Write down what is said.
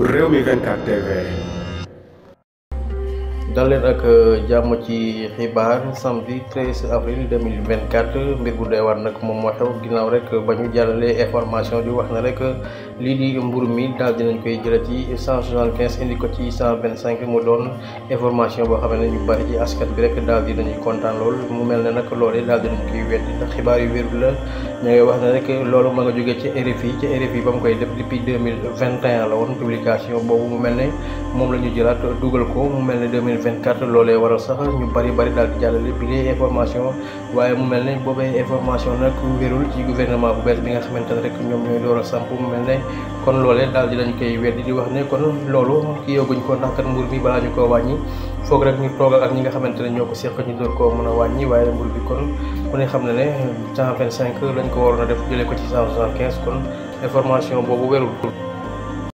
Rewmi 24 TV. dal leen ak euh, jàmm ci xibaar samedi 13 avril 2024 mbir bu doy waar nag moom moo xew ginnaaw rek ba ñu jàllalee information di wax na rek lii di mburu mi daal dinañ koy jële ci 175 indi ko ci 125 mu doon information boo xam ne ñu bari ci askan bi rek daal di nañuy kontaan lool mu mel ne nag loolee daal dinañ koy weddi xibaar yu wér ñoo ngi wax ne rek loolu ma nga jógee ci RFI ci RFI ba mu koy def depuis deux mille vingt et la woon publication boobu mu mel ne moom la ñu jëlaat dugal ko mu mel ne deux mille vingt quatre loolee waral sax ñu bari bari daal di jàllale bi lee information waaye mu mel ne boobee information nag wérul ci gouvernement bu bees bi nga xamante ne rek ñoom ñooy door a samp mu mel ne kon loolee daal di lañ koy weddi di wax ne kon loolu ki yoguñ ko ndax kat nguur mi balaa ñu koo wàññi. foog rek ñu toogal ak ñi nga xamante ne ñoo ko seq ñu door koo mën a wàññi waaye mburu bi kon ku ne xam ne ne cent vingt cinq lañ ko waroon a def jëlee ko ci cent soixante quinze kon information boobu werul